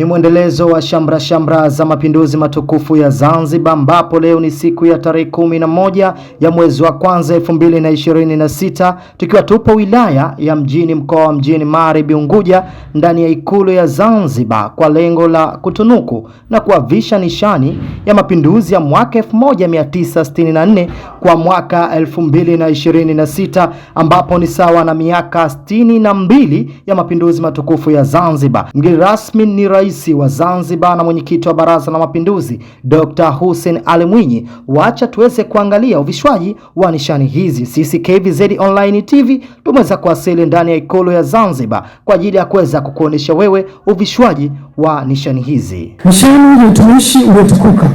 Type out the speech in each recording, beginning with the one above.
Ni mwendelezo wa shamra shamra za mapinduzi matukufu ya Zanzibar ambapo leo ni siku ya tarehe kumi na moja ya mwezi wa kwanza elfu mbili na ishirini na sita tukiwa tupo wilaya ya Mjini mkoa wa Mjini Magharibi Unguja ndani ya ikulu ya Zanzibar kwa lengo la kutunuku na kuavisha nishani ya mapinduzi ya mwaka 1964 kwa mwaka 2026 ambapo ni sawa na miaka sitini na mbili ya mapinduzi matukufu ya Zanzibar. Mgeni rasmi ni Rais Rais wa Zanzibar na mwenyekiti wa Baraza la Mapinduzi Dr. Hussein Ali Mwinyi, wacha tuweze kuangalia uvishwaji wa nishani hizi. Sisi KVZ Online TV tumeweza kuwasili ndani ya ikulu ya Zanzibar kwa ajili ya kuweza kukuonesha wewe uvishwaji wa nishani hizi. Nishani ya utumishi uliotukuka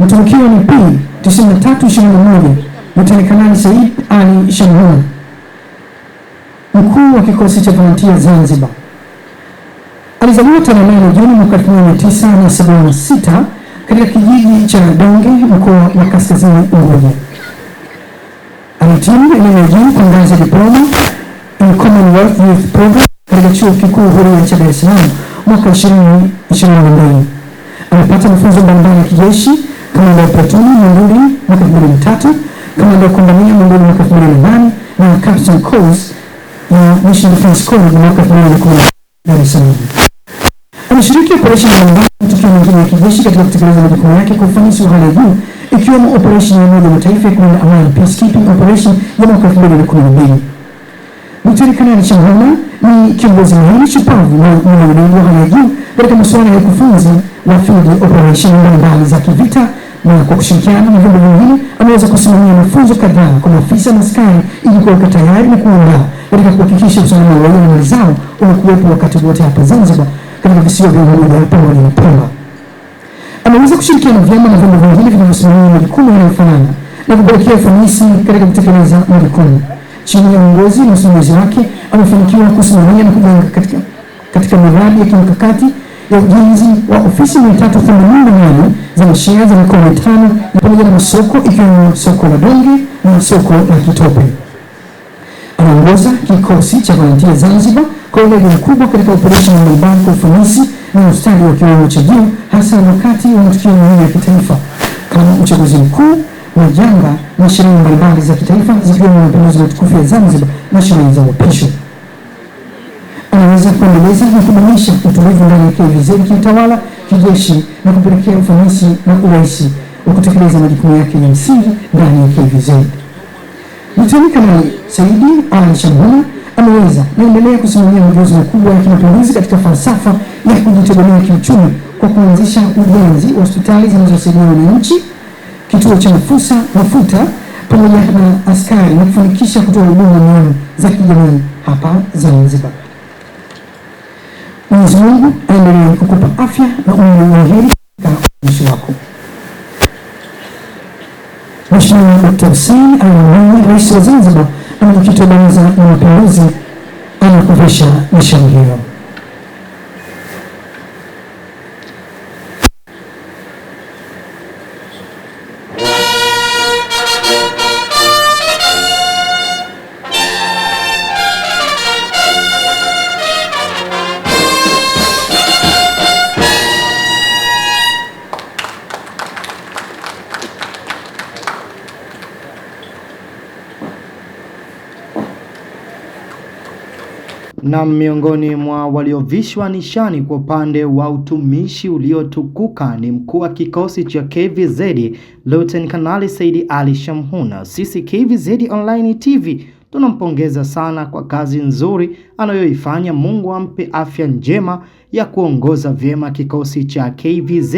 mtumikiwa ni P 9321 Mtelekanani Said Ali Shamhuri, mkuu wa kikosi cha volontia Zanzibar. Alizaliwa tarehe 8 Juni mwaka 1976 katika kijiji cha Donge, mkoa wa Kaskazini Unguja. Alihitimu elimu ya juu kwa ngazi ya diploma in Commonwealth Youth Program katika Chuo Kikuu Huria cha Dar es Salaam mwaka 2022. Amepata mafunzo mbalimbali ya kijeshi kama wa platuni Monduli mwaka 2003, kama wa kompania Monduli mwaka 2008 na Captain Course ya National Defense College mwaka 2010 Dar es Salaam. Ameshiriki operesheni mbili katika nyingine ya kijeshi katika kutekeleza majukumu yake kwa ufanisi wa hali ya juu ikiwemo operesheni ya Umoja wa Mataifa ya kulinda amani peacekeeping operation ya mwaka 2012. Luteni Kanali Changama ni kiongozi mahiri shupavu na mwenye wa hali ya juu katika masuala ya kufunzi na field operesheni mbalimbali za kivita na kwa kushirikiana na vyombo vingine ameweza kusimamia mafunzo kadhaa kwa maafisa na askari ili kuweka tayari na kuandaa katika kuhakikisha usalama wa raia na mali zao unakuwepo wakati wote hapa Zanzibar katika visiwa vya Umoja wa Pemba na Pemba. Ameweza kushirikiana vyema na vyombo vingine vinavyosimamia majukumu yanayofanana na kupelekea ufanisi katika kutekeleza majukumu. Chini ya uongozi na usimamizi wake, amefanikiwa kusimamia na kujenga katika katika miradi ya kimkakati ya ujenzi wa ofisi mia tatu themanini na nane za mashia za mikoa mitano na pamoja na masoko ikiwemo soko la Donge na soko la Kitope. Anaongoza kikosi cha volontia Zanzibar kwa weledi mkubwa katika operesheni ya Mulback, ufanisi na ustadi wa kiwango cha juu, hasa wakati wa matukio muhimu ya kitaifa kama uchaguzi mkuu, majanga na sherehe mbalimbali za kitaifa zikiwemo mapinduzi matukufu ya Zanzibar na sherehe za uapisho. Anaweza kuendeleza na kudumisha utulivu ndani ya KVZ kiutawala, kijeshi na kupelekea ufanisi na urahisi wa kutekeleza majukumu yake ya msingi ndani ya KVZ. Luteni Kanali Saidi Ali Shamhuna ameweza naendelea kusimamia uongozi mkubwa ya kimapinduzi katika falsafa ya kujitegemea kiuchumi kwa kuanzisha ujenzi wa hospitali zinazosaidia wananchi, kituo cha mafusa mafuta pamoja na askari na kufanikisha kutoa huduma muhimu za kijamii hapa Zanzibar. Mwenyezi Mungu aendelee kukupa afya na umri wa heri katika uishi wako. Mheshimiwa Dkt. Hussein Ali Mwinyi, Rais wa Zanzibar na mwenyekiti wa Baraza la Mapinduzi anakuvisha mishauri hiyo. Nam miongoni mwa waliovishwa nishani kwa upande wa utumishi uliotukuka ni mkuu wa kikosi cha KVZ Luteni Kanali Saidi Ali Shamhuna. Sisi KVZ Online TV tunampongeza sana kwa kazi nzuri anayoifanya. Mungu ampe afya njema ya kuongoza vyema kikosi cha KVZ.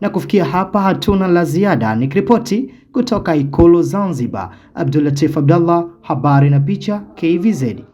Na kufikia hapa, hatuna la ziada. Nikiripoti kutoka Ikulu Zanzibar, Abdulatif Abdallah, habari na picha, KVZ.